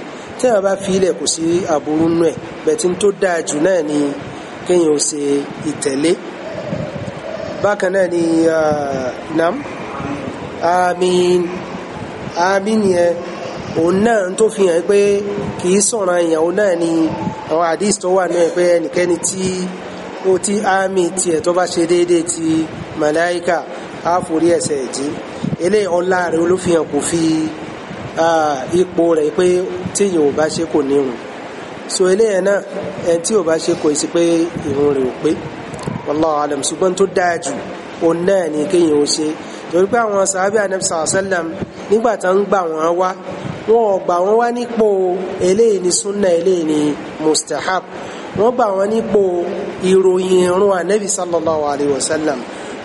tí a bá fi ilẹ̀ kò sí aburú nù ẹ̀ bẹ̀tí tó dáa jù náà ni kéèyàn ó ṣe ìtẹ̀lé bákan náà ni nam àmín àmín yẹn òun náà tó fi hàn pé kì í sọ̀ràn ìyàwó náà ni àwọn àdìs tó wà náà pé ẹnikẹ́ni tí ó ti àmín tiẹ̀ tó bá ṣe déédéé ti màláíkà á forí ẹ̀ṣẹ̀ jì eléyìí ọlá rẹ̀ olófihàn kò fi ipò rẹ̀ pé tíyìn ò bá ṣe kò nírun so eléyẹn náà ẹni tí ò bá ṣe kò sí pé ìrun rẹ̀ ò pé wallahu alam ṣùgbọ́n tó dáa jù òun náà ni kéèyàn ó ṣe torí pé àwọn sàábì anabi sàlám nígbà tá ń gbà wọ́n wá wọn gbà wọ́n wá nípò eléyìí ni sunna eléyìí ni mustahab wọ́n gbà wọ́n nípò ìròyìn ìrun anabi sallallahu alayhi wa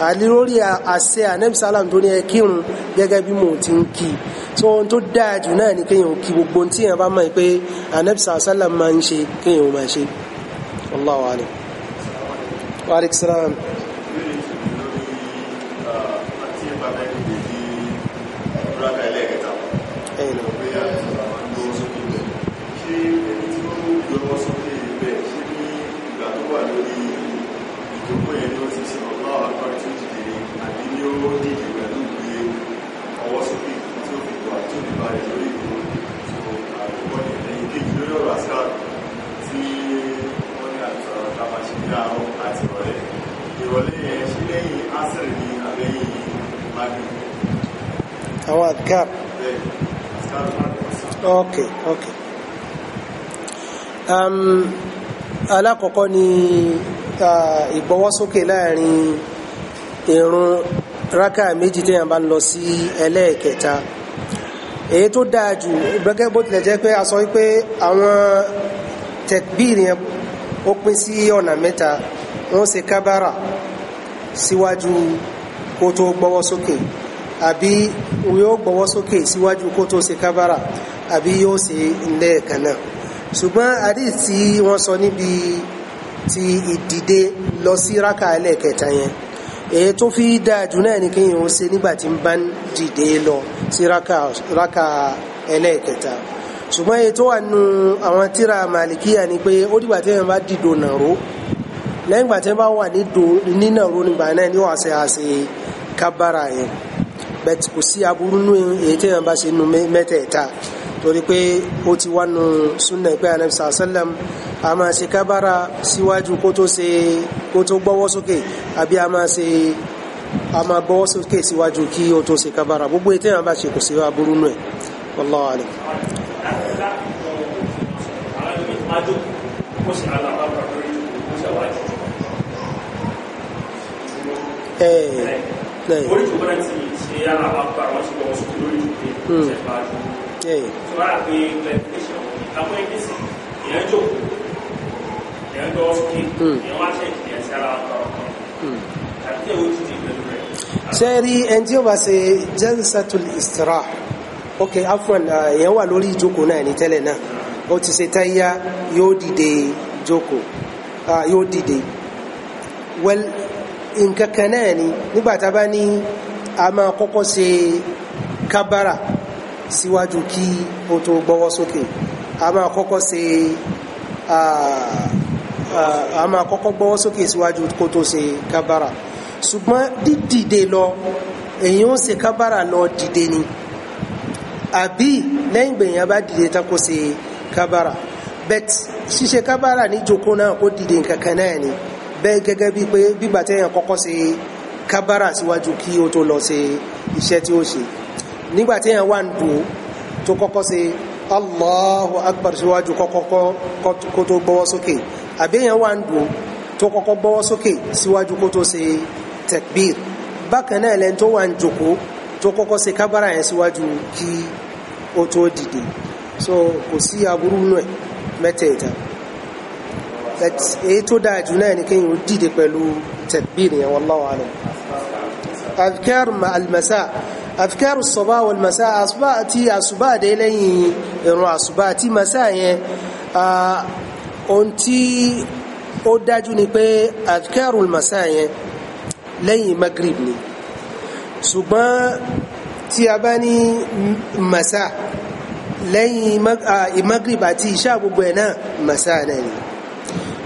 àlórí àṣẹ anẹ́bísálàm tó ní ẹ kírun gẹ́gẹ́ bí mo ti ń kí so ohun tó dáa jù náà ni kéèyàn kí gbogbo tí èèyàn bá mọ̀ pé anẹ́bísálàm máa ń ṣe kéèyàn máa ṣe Allahu alim. wa alaykum salaam. ó dìde pẹ̀lú ìwé ọwọ́ sókè tí ó fi wà alákọ̀ọ́kọ́ ni uh, ìgbọ́wọ́sókè láàrin ìrun Raka méjì téèyàn bá ń lọ sí ẹlẹ́ẹ̀kẹta èyí tó dáa jù gbẹ́gẹ́ bó tilẹ̀ jẹ́ pé a sọ wípé àwọn tẹ̀kbírì yẹn ó pín sí ọ̀nà mẹ́ta wọ́n ṣe kábàrà síwájú kó tó gbọ́wọ́ sókè àbí yóò gbọ́wọ́ sókè síwájú kó tó ṣe kábàrà àbí yóò ṣe lẹ́ẹ̀kan náà ṣùgbọ́n àdìs tí wọ́n sọ níbi ti ìdìde lọ sí rákà ẹlẹ́ẹ̀kẹta yẹn èyí tó fi dáa jù ni kéèyàn ó ṣe nígbà tí ń bá ń dìde lọ sí rákà ẹlẹ́ẹ̀kẹta ṣùgbọ́n èyí tó wà nù àwọn tíra màlìkíyà ni pé ó dìgbà tí wọ́n bá dìdò nàró lẹ́yìn ìgbà tí wọ́n bá wà ní nàró nígbà náà ni wọ́n ṣe àṣe kábàrà yẹn bẹ́ẹ̀ kò sí aburú nù èyí tí wọ́n bá ṣe nù mẹ́tẹ̀ẹ̀ta torí pé ó ti wà nù súnà pé anabi sàlẹ́m a máa ṣe kábára síwájú kó tó ṣe kó tó gbọ́wọ́ sókè àbí a máa ṣe a máa gbọ́wọ́ sókè síwájú kí ó tó ṣe kábára gbogbo ètò ìyàn bá ṣe kò sí aburú nù ẹ̀ wallahu alim. orí ìjọba náà ti ṣe alábàápàá wọn ṣe gbọ́wọ́ sókè lórí ìjọba ṣe máa dùn. sọ́ra pé pẹ̀lú ìṣẹ̀wọ̀n ìtàkùn ẹgbẹ́ sí ìyẹn jókòó gbọ́ òkè hmm. èèyàn wá ṣe ìjìnlẹ̀ sí ara ọ̀tọ̀ ọ̀kan tàbí tẹ̀ ó ti di pẹ̀lú rẹ̀. ṣé rí ẹni tí ó bá ṣe jalsatul istiraha ok afwan uh, èèyàn wà lórí ìjókòó náà ní tẹ́lẹ̀ náà ó ti ṣe táyà yóò dìde jókòó uh, yóò dìde well nǹkan náà ni nígbà bá ní a máa kọ́kọ́ ṣe kábàrà síwájú kí o tó gbọ́wọ́ sókè a máa kọ́kọ́ ṣe. Uh, a máa kọ́kọ́ gbọ́wọ́ sókè síwájú kó tó ṣe kábàrà ṣùgbọ́n dídìde lọ èyí ó ṣe kábàrà lọ dìde ni àbí lẹ́yìn gbèyàn bá dìde tán kó ṣe kábàrà bẹ́t ṣíṣe kábàrà ní joko náà kó dìde kankan náà ni bẹ́ẹ̀ gẹ́gẹ́ bí pé bígbà tẹ́yàn kọ́kọ́ ṣe kábàrà síwájú kí ó tó lọ ṣe iṣẹ́ tí ó ṣe nígbà tẹ́yàn wà ń dùn tó kọ́kọ́ ṣe Allahu Akbar síwájú kọ́kọ́ kó tó gbọ́wọ́ àbẹ́yàn wà ń dùn tó kọ́kọ́ gbọ́wọ́ sókè síwájú kó tó ṣe takbir bákan náà lẹ́ni tó wà ń jòkó tó kọ́kọ́ ṣe kábàrà yẹn síwájú kí ó tó dìde so kò sí aburú nù ẹ̀ mẹ́tẹ̀ẹ̀ta èyí tó dáa jù náà ni kí yóò dìde pẹ̀lú takbir yẹn wallahu alam adhkar al-masa adhkar as-sabah wal-masa àsùbá àti àsùbá àdé lẹ́yìn ìrun àti masa yẹn ah, ohun tí ó dájú ni pé adkarul masa yẹn lẹ́yìn magrib ni ṣùgbọ́n tí a bá ní masa lẹ́yìn magrib àti ìṣà gbogbo ẹ̀ náà masa náà ni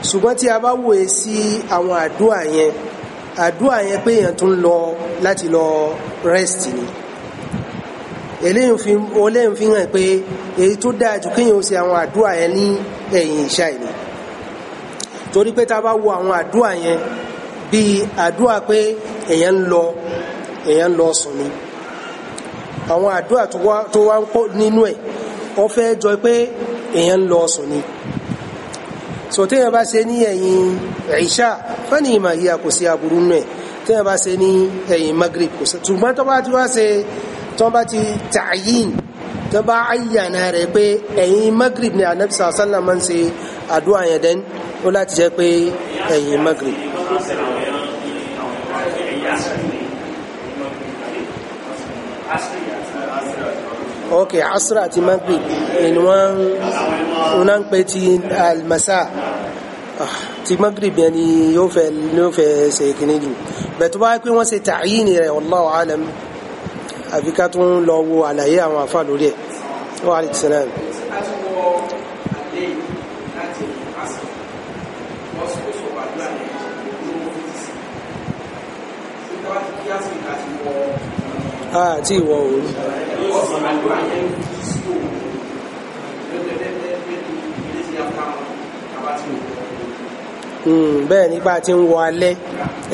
ṣùgbọ́n tí a bá wòye sí àwọn àdúà yẹn àdúà yẹn pé èèyàn tún lọ láti lọ rest ni eléyìn fi hàn pé èyí tó dáa jù kéèyàn ó ṣe àwọn àdúà yẹn ní ẹ̀yìn ìṣáì ni torí pé tá a bá wo àwọn àdúrà yẹn bíi àdúrà pé èèyàn ń lọ èèyàn ń lọ sùn ni àwọn àdúrà tó wá ń pọ̀ nínú ẹ̀ ó fẹ́ jọ pé èèyàn ń lọ sùn ni so téèyàn bá ṣe ní ẹ̀yìn ìṣá fẹ́ni ìmọ̀ yìí a kò sí aburú nù ẹ̀ téèyàn bá ṣe ní ẹ̀yìn magrib kò sí ṣùgbọ́n tó bá ti wá ṣe tó bá ti tààyìn tó bá àyànà rẹ̀ pé ẹ̀yìn magrib ni anabi sàlá sàlá máa ń ṣe àdúrà yẹn dẹ́n ó láti jẹ́ pé ẹ̀yìn magrib. ok asra àti magrib ni wọ́n ń pè ti almasa ah, ti magrib yẹn ni yóò fẹ́ ṣe kìnnìjì bẹ̀tọ́ bá pé wọ́n ṣe tààyè ni rẹ̀ wallahu alam àbí ká tún lọ wo àlàyé àwọn àfa lórí ẹ̀ wọ́n á lè tẹ̀sẹ̀ náà. àti ìwọ̀ bẹ́ẹ̀ nípa tí ń wọ alẹ́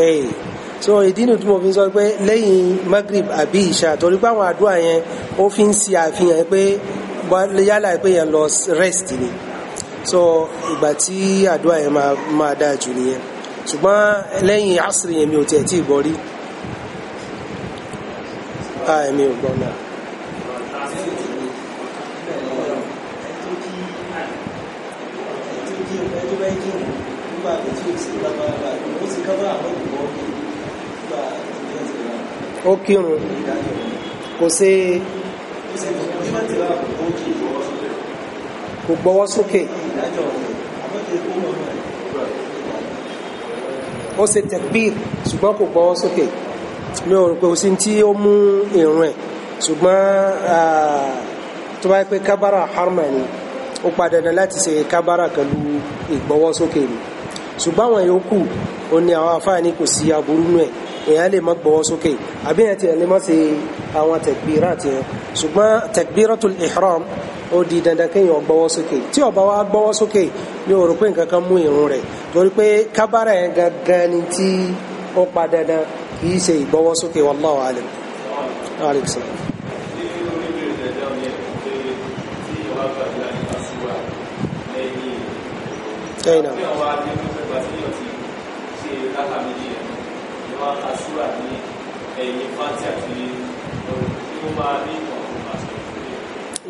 ẹ̀yìn eh, so ìdí nu tí mo fi sọ pé lẹ́yìn Maghrib àbí ìṣà torí pé àwọn àdúrà yẹn ó fi ń ṣe àfihàn pé yálà pé yẹn lọ rest ni so ìgbà tí àdúrà yẹn máa máa dáa jù nìyẹn ṣùgbọ́n lẹ́yìn asiri yẹn mi ò tiẹ̀ tí ì gbọ́ rí mi ò gbọ́ náà. Thank you ó kírun kò ṣe kò gbọ́wọ́ sókè ó ṣe tẹ̀kbír ṣùgbọ́n kò gbọ́wọ́ sókè mi ò rò pé òsín tí ó mú ìrun ẹ̀ ṣùgbọ́n tó bá yẹ pé kábàrà harma ni ó pa dandan láti ṣe kábàrà pẹ̀lú ìgbọ́wọ́ sókè ni ṣùgbọ́n àwọn yòókù ó ní àwọn afáàní kò sí aburú nù ẹ̀ èèyàn lè má gbọ́wọ́ sókè àbí èèyàn tiẹ̀ lè má ṣe àwọn tẹ̀kbírà tiẹ̀ ṣùgbọ́n takbiratul ihram ó di dandan kéèyàn gbọ́wọ́ sókè tí ó bá wá gbọ́wọ́ sókè ní o rò pé nǹkan kan mú ìrun rẹ̀ torí pé kábàárà yẹn gangan ni tí ó pa dandan kì í ṣe ìgbọ́wọ́ sókè wallahu alim. China wọ́n ka súrà ní ẹ̀yìn fáti àti tí ó máa ní ọ̀pọ̀ pàṣẹ.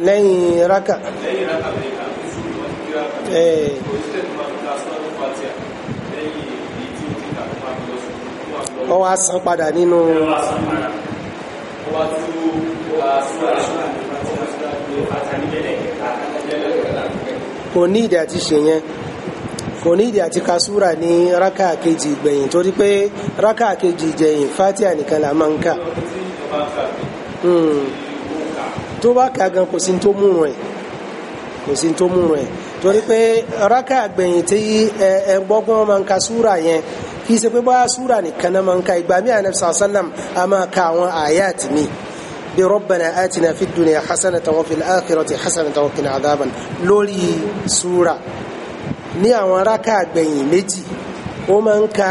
lẹ́yìn rákà. lẹ́yìn rákà lẹ́yìn rákà fún ṣùgbọ́n wọ́n ti rákà. òṣìṣẹ́ tó máa ń ka súrà ní fáti à lẹ́yìn èyí tí ó ti kà fún àbí lọ́sùn. ó wá san padà nínú. ó wá san padà. ó wá tú súrà súrà ní fáti àti lẹ́yìn rákà. kò ní ìdí àti ṣe yẹn kò ní ìdí àti ka súra ní rákà kejì ìgbẹ̀yìn torí pé rákà kejì ìgbẹ̀yìn fatia nìkan la máa ń kà hmm. tó bá kà gan kò sí tó múrun ẹ̀ kò sí tó múrun ẹ̀ torí pé rákà gbẹ̀yìn tí ẹ gbọ́gbọ́n máa ń ka súra yẹn kì í ṣe pé báyà súra nìkan máa ń ka ìgbà mí àná sàlám a máa ka àwọn àyàtì mi bí rabbana atina fid dunya hasanatan wa fil akhirati hasanatan wa qina adhaban lórí súra ní àwọn rákà gbẹ̀yìn méjì ó máa ń ka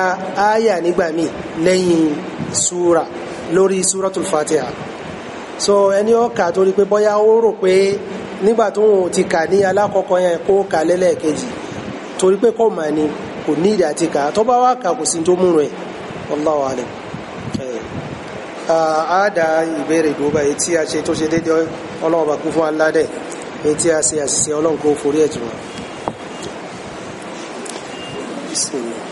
áyà nígbà míì lẹ́yìn súra lórí súratul fatiha so ẹni ó kà torí pé bóyá ó rò pé nígbà tó ń ti kà ní alákọ̀ọ́kọ́ yẹn kó kà lẹ́lẹ́ẹ̀kejì torí pé kò mà ní kò ní ìdí àti kà tó bá wà kà kò sí tó múnu ẹ̀ wallahu alim a ìbéèrè ìdúró báyìí tí a ṣe tó ṣe déédéé ọlọ́run bá kú fún aládẹ̀ èyí tí a ṣe àṣìṣe ọlọ́run forí ẹ̀ jùlọ. listening.